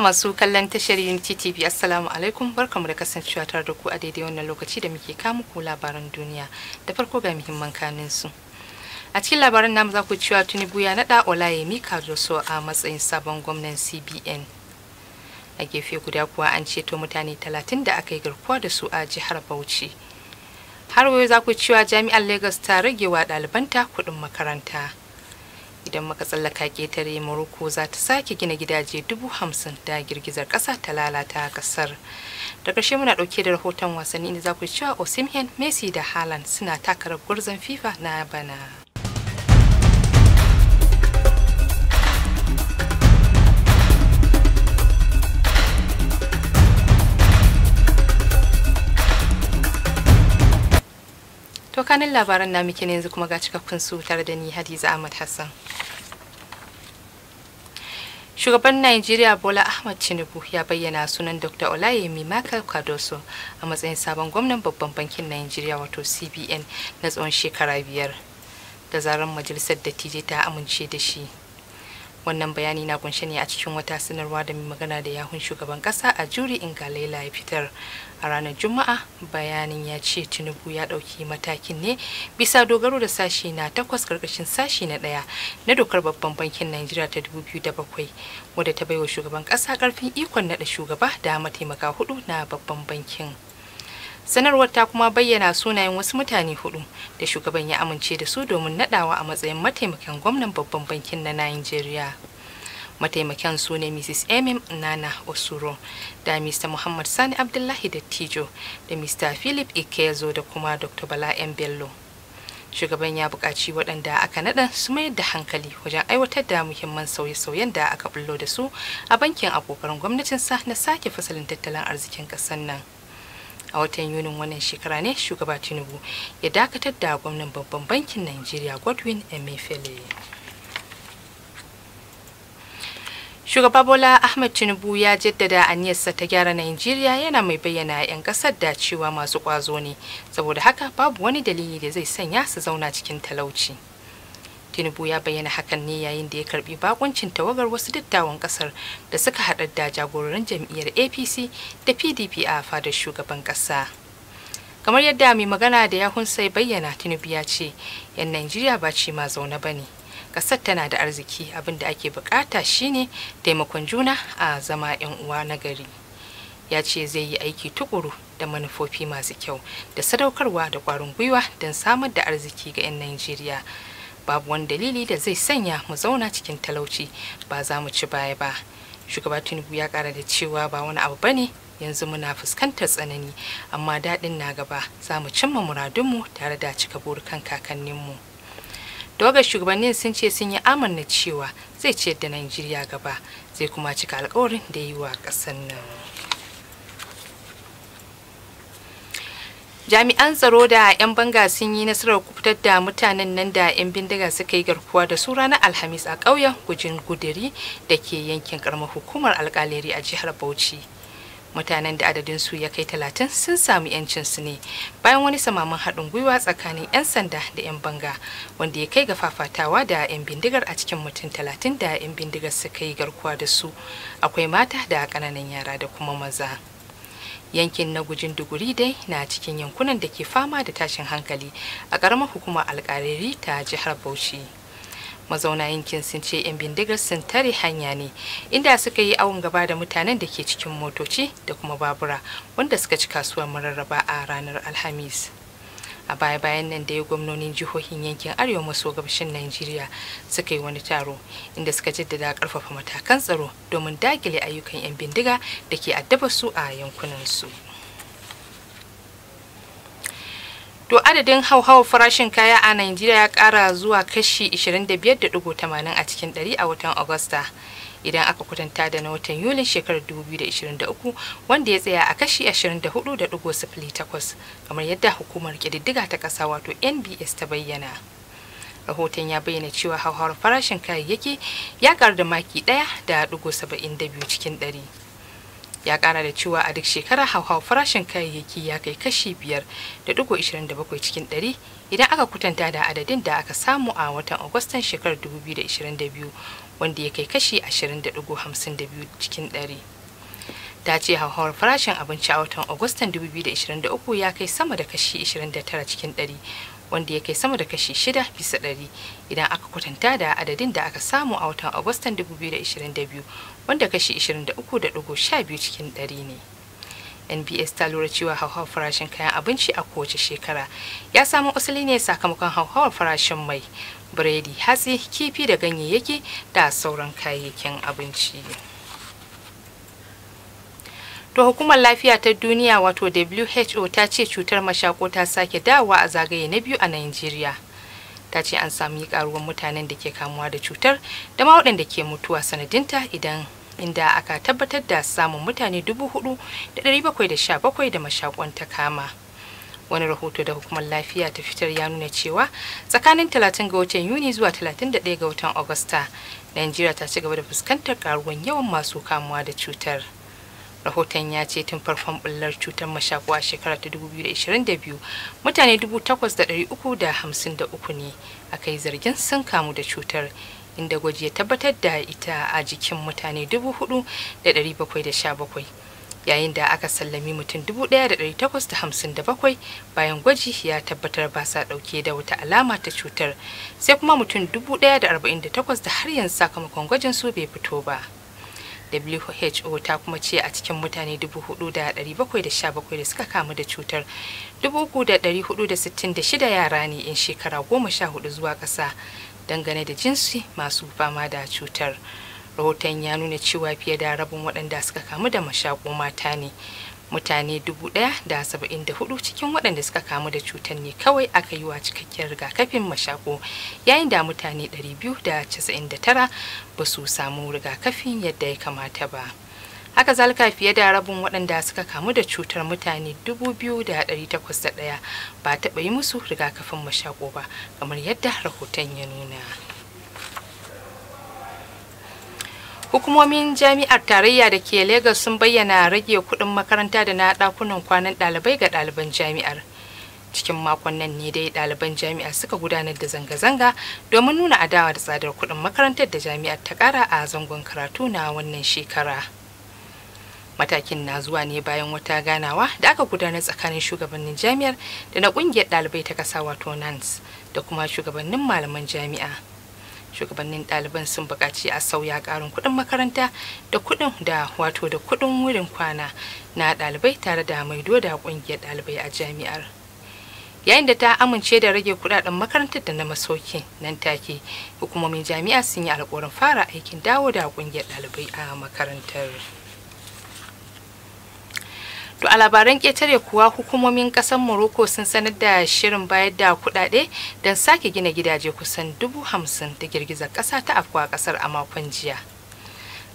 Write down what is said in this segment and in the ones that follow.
masu kallon tashar Unity TV Assalamu alaikum barkamu da kasancewa tare da ku a daidai wannan lokaci da muke kamu ku labaran duniya da farko ga muhimman kanin su. A cikin labaran namu za ku cewa Tinubu ya nada Olayemi Kadoso a matsayin sabon gwamnan CBN. A gefe guda kuwa an ceto mutane 30 da aka yi garkuwa da su a jihar Bauchi. Har wayo za ku cewa jami'an Lagos ta ragewa wa ɗalibanta kuɗin makaranta. idan maka tsallaka ketare morocco za ta sake gina gidaje dubu hamsin da girgizar ƙasa ta lalata ƙasar da ƙarshe muna ɗauke da rahoton wasanni inda za ku cewa osimhen messi da haaland suna takarar gwarzon fifa na bana To kanin labaran na muke ne yanzu kuma ga cikakkun su tare da ni Hadiza Ahmad Hassan. Shugaban Najeriya Bola Ahmad Tinubu ya bayyana sunan Dr. Olayemi Michael Kadoso a matsayin sabon gwamnan babban bankin Najeriya wato CBN na tsawon shekara biyar. Da zarar majalisar dattijai ta amince da shi. wannan bayani na kunshe ne a cikin wata sanarwa da mai magana da yahun shugaban kasa a juri in ingalaila ya fitar a ranar juma'a bayanin ya ce tinubu ya ɗauki matakin ne bisa dogaro da sashi na takwas karkashin sashi na ɗaya na dokar babban bankin najeriya ta 2007 wadda ta baiwa shugaban kasa karfin ikon naɗa shugaba da mataimaka hudu na babban bankin sanarwar ta kuma bayyana sunayen wasu mutane hudu da shugaban ya amince da su domin nadawa a matsayin mataimakin gwamnan babban bankin na Najeriya. mataimakin su ne mrs emim nana osuro da mr muhammad sani abdullahi da tijo da mr philip ikezo da kuma dr bala m bello shugaban ya buƙaci waɗanda aka naɗa su mayar da hankali wajen aiwatar da muhimman sauye-sauyen da aka bullo da su a bankin a ƙoƙarin gwamnatinsa na sake fasalin tattalin arzikin ƙasar nan. a watan yunin wannan shekara ne shugaba tinubu ya dakatar da gwamnan babban bankin nigeria godwin emefiele shugaba bola ahmed tinubu ya jaddada aniyarsa ta gyara nigeria yana mai bayyana 'yan kasar da cewa masu kwazo ne saboda haka babu wani dalili da zai sanya su zauna cikin talauci tinubu ya bayyana hakan ne yayin da ya karbi bakuncin tawagar wasu dattawan kasar da suka hada da jagororin jam'iyyar apc da pdp a fadar shugaban kasa kamar yadda mai magana da yahun sai bayyana tinubu ya ce yan najeriya ba ce ma zaune ba ne kasar tana da arziki abin da ake bukata shine taimakon juna a zama yan uwa na gari ya ce zai yi aiki tukuru da manufofi masu kyau da sadaukarwa da ƙwarin gwiwa don samar da arziki ga 'yan Najeriya babu wani dalili da zai sanya mu zauna cikin talauci ba za mu ci baya ba shugaba tinubu ya kara da cewa ba wani abu bane yanzu muna fuskantar tsanani amma daɗin na gaba za mu cimma muradunmu tare da cika burukan kakanninmu dogar shugabannin sun ce sun yi amanna cewa zai ciyar da najeriya gaba zai kuma cika alkawarin da yi wa ƙasar nan jami'an tsaro da 'yan banga sun yi nasarar kubutar da mutanen nan da 'yan bindiga suka yi garkuwa da su ranar alhamis a ƙauyen gujin guduri da ke yankin karamar hukumar alkaleri a jihar bauchi mutanen da adadin su ya kai talatin sun samu yancin su ne bayan wani samamin haɗin gwiwa tsakanin 'yan sanda da 'yan banga wanda ya kai ga fafatawa da 'yan bindigar a cikin mutum talatin da 'yan bindigar suka yi garkuwa da su akwai mata da ƙananan yara da kuma maza. yankin na gujin duguri dai na cikin yankunan da ke fama da tashin hankali a ƙaramar hukumar alƙariri ta jihar bauchi mazauna yankin sun ce 'yan bindigar sun tare hanya ne inda suka yi awon gaba da mutanen da ke cikin motoci da kuma babura wanda suka ci kasuwar mararraba a ranar alhamis a baya bayan nan da ya gwamnonin jihohin yankin arewa maso gabashin nigeria suka yi wani taro inda suka jaddada karfafa matakan tsaro domin dakile ayyukan 'yan bindiga da ke addaba su a yankunan su To adadin hauhawar farashin kaya a nigeria ya kara zuwa kashi 25.80 a cikin 100 a watan Agusta. idan aka kwatanta da na watan Yulin shekarar 2023 wanda ya tsaya a kashi 24.08 kamar yadda hukumar ƙididdiga ta ƙasa wato NBS ta bayyana. rahoton ya bayyana cewa hauhawar farashin kayayyaki ya karu da maki ɗaya da cikin ɗari ya ƙara da cewa a duk shekara hauhau farashin kayayyaki ya kai kashi biyar da dugo ishirin cikin 100 idan aka kutanta da adadin da aka samu a watan agustan shekarar 2022 wanda ya kai kashi 20.52 cikin 100 ta ce hauhawar farashin abinci a watan agustan 2023 ya kai sama da kashi 29 cikin wanda ya kai sama da kashi shida bisa ɗari idan aka kwatanta da adadin da aka samu a watan Agustan 2022 wanda kashi 23.12 cikin ɗari ne. NBS ta lura cewa hauhawar farashin kayan abinci a kowace shekara ya samu asali ne sakamakon hauhawar farashin mai, biredi, hatsi, kifi da ganyayyaki da sauran kayayyakin abinci. To hukumar lafiya ta duniya wato WHO ta ce cutar mashako ta sake dawa a zagaye na biyu a Najeriya. Ta ce an sami karuwan mutanen da ke kamuwa da cutar da ma waɗanda ke mutuwa sanadinta idan inda aka tabbatar da samun mutane 4,717 da mashakon ta kama. Wani rahoto da hukumar lafiya ta fitar ya nuna cewa tsakanin 30 ga watan Yuni zuwa 31 ga watan Agusta, Najeriya ta ci gaba da fuskantar karuwar yawan masu kamuwa da cutar. rahoton ya ce tun farkon bullar cutar mashakuwa a shekara ta 2022 mutane 8,353 ne aka yi zargin sun kamu da cutar inda gwaji ya tabbatar da ita a jikin mutane 4,717 yayin da aka sallami mutum 1,857 bayan gwaji ya tabbatar ba sa dauke da wata alama ta cutar sai kuma mutum 1,048 da har yanzu sakamakon gwajin su bai fito ba. WHO ta kuma ce a cikin mutane 4,717 da suka kamu da cutar 3,466 yara ne in shekara 14 zuwa ƙasa dangane da jinsi masu fama da cutar. rahoton ya nuna cewa fiye da rabin waɗanda suka kamu da mashako mata ne mutane dubu da da saba'in hudu cikin waɗanda suka kamu da cutar ne kawai aka yi wa cikakken rigakafin mashako yayin da mutane biyu da casa'in 299 ba su samu rigakafin yadda ya kamata ba. haka zalika fiye da rabin waɗanda suka kamu da cutar mutane dubu biyu da da takwas 2,801 ba taɓa yi musu rigakafin mashako ba kamar yadda rahoton ya nuna. Hukumomin jami'ar tarayya da ke lagos sun bayyana rage kudin makaranta da na dakunan kwanan dalibai ga daliban jami'ar. Cikin makon nan ne dai daliban jami'ar suka gudanar da zanga-zanga domin nuna adawa da tsadar kudin makarantar da jami'ar ta kara a zangon karatu na wannan shekara. matakin na zuwa ne bayan wata ganawa da aka gudanar tsakanin shugabannin jami'ar da na kungiyar dalibai ta kasa wato nans da kuma shugabannin malaman jami'a shugabannin ɗaliban sun buƙaci a sauya ƙarin kuɗin makaranta da kuɗin da wato da kuɗin wurin kwana na ɗalibai tare da maido da ƙungiyar ɗalibai a jami'ar yayin da ta amince da rage kuɗaɗen makarantar da na masauki nan take hukumomin jami'a sun yi alƙawarin fara aikin dawo da ƙungiyar ɗalibai a makarantar. To a labaran ƙetare kuwa hukumomin ƙasar Morocco sun sanar da shirin bayar da kuɗaɗe don sake gina gidaje kusan dubu hamsin da girgizar ƙasa ta afkuwa ƙasar a makon jiya.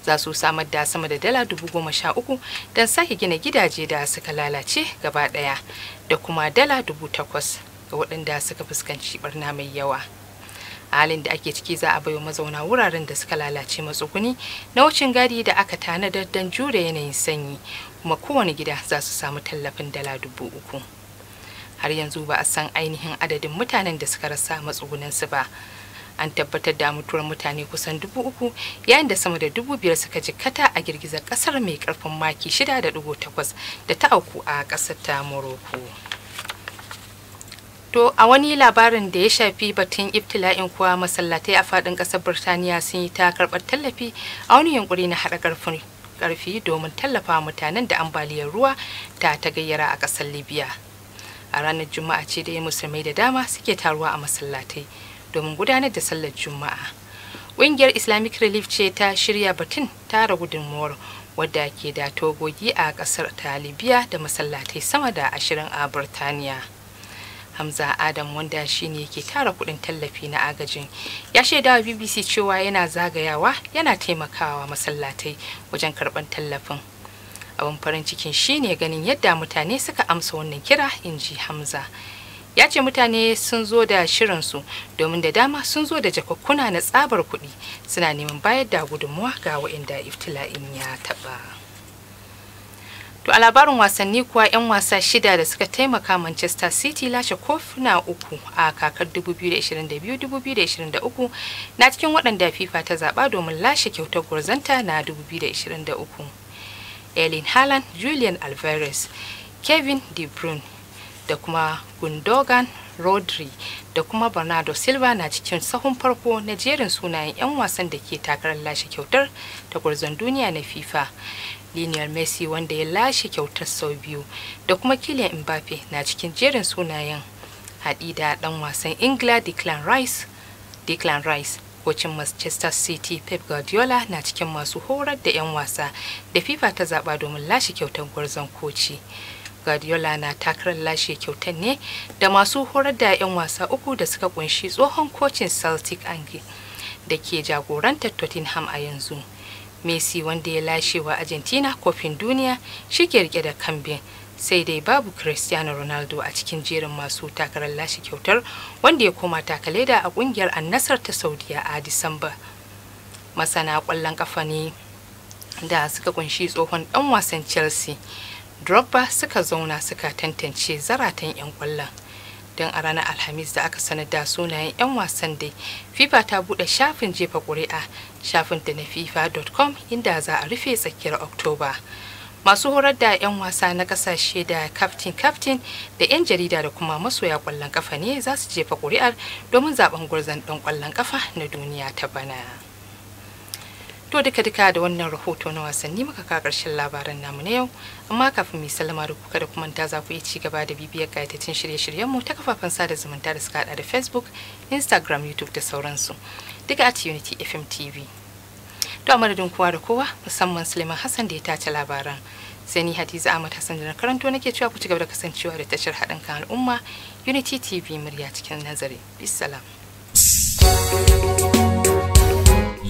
Za su samar da sama da dala dubu goma sha uku don sake gina gidaje da suka lalace gaba ɗaya da kuma dala dubu takwas ga waɗanda suka fuskanci barna mai yawa. a halin da ake ciki za a baiwa mazauna wuraren da suka lalace matsuguni na wucin gadi da aka tanadar don jure yanayin sanyi kuma kowane gida za su samu tallafin dala dubu uku har yanzu ba a san ainihin adadin mutanen da suka rasa matsugunansu ba an tabbatar da mutuwar mutane kusan dubu uku yayin da sama da dubu biyar suka jikkata a girgizar kasar mai karfin maki takwas da ta auku a kasar ta morocco To a wani labarin da ya shafi batun ibtila'in kuwa masallatai a faɗin ƙasar Birtaniya sun yi ta karɓar tallafi a wani yunkuri na haɗa ƙarfin ƙarfi domin tallafa mutanen da ambaliyar ruwa ta ta gayyara a ƙasar Libya. A ranar Juma'a ce da ya musulmai da dama suke taruwa a masallatai domin gudanar da sallar Juma'a. Ƙungiyar Islamic Relief ce ta shirya batun tara gudunmuwar wadda ke da togogi a ƙasar ta Libya da masallatai sama da ashirin a Birtaniya. hamza adam wanda shine yake tara kudin tallafi na agajin ya shaida wa bbc cewa yana zagayawa yana taimakawa masallatai wajen karban tallafin abin farin cikin shine ganin yadda mutane suka amsa wannan kira inji hamza ya ce mutane sun zo da su domin da dama sun zo da jakakkuna na tsabar kuɗi suna neman bayar da gudunmuwa ga waɗanda iftila'in ya taɓa. To a labarin wasanni kuwa 'yan wasa shida da suka taimaka Manchester City lashe kofuna uku a kakar 2022-2023 na cikin waɗanda FIFA ta zaɓa domin lashe kyautar gwarzanta na 2023. Erling Haaland, Julian Alvarez, Kevin De Bruyne da kuma Gundogan Rodri da kuma Bernardo Silva na cikin sahun farko na jerin sunayen 'yan wasan da ke takarar lashe kyautar ta gwarzon duniya na FIFA. Lionel Messi wanda ya lashe kyautar sau biyu da kuma Kylian Mbappe na cikin jerin sunayen haɗi da ɗan wasan Ingila Declan Rice. Declan Rice kocin Manchester City Pep Guardiola na cikin masu horar da 'yan wasa da FIFA ta zaba domin lashe kyautar gwarzon koci. Guardiola na takarar lashe kyautar ne da masu horar da 'yan wasa uku da suka kunshi tsohon kocin Celtic Ange da ke jagorantar Tottenham a yanzu. messi wanda ya lashe wa argentina kofin duniya shi ke rike da kambin sai dai babu cristiano ronaldo a cikin jerin masu takarar lashe kyautar wanda ya koma da a kungiyar annasar ta saudiya a disamba masana kwallon kafa ne da suka kunshi tsohon dan wasan chelsea drogba suka zauna suka tantance zaratan 'yan kwallon don a ranar alhamis da aka sanar da sunayen 'yan wasan dai fifa ta bude shafin jefa kuri'a shafin da na fifa.com inda za a rufe tsakiyar oktoba masu horar da 'yan wasa na kasashe da kaftin kaftin da 'yan jarida da kuma masoya kwallon kafa ne za su jefa kuri'ar domin zaben gwarzon ɗan kwallon kafa na duniya ta bana. to duka duka da wannan rahoto na wasanni muka ka karshen labaran namu na yau amma kafin mu sallama da kuka da kuma za ku yi ci gaba da bibiyar kayatattun shirye-shiryen mu ta kafafen sada zumunta da suka hada da Facebook, Instagram, YouTube da sauransu. Duka at Unity FM TV. To a madadin kowa da kowa musamman Suleiman Hassan da ya tace labaran. Sai ni Hadiza Ahmad Hassan da na karanto nake cewa ku ci gaba da kasancewa da tashar haɗin kan al'umma Unity TV murya cikin nazari. Bisalam.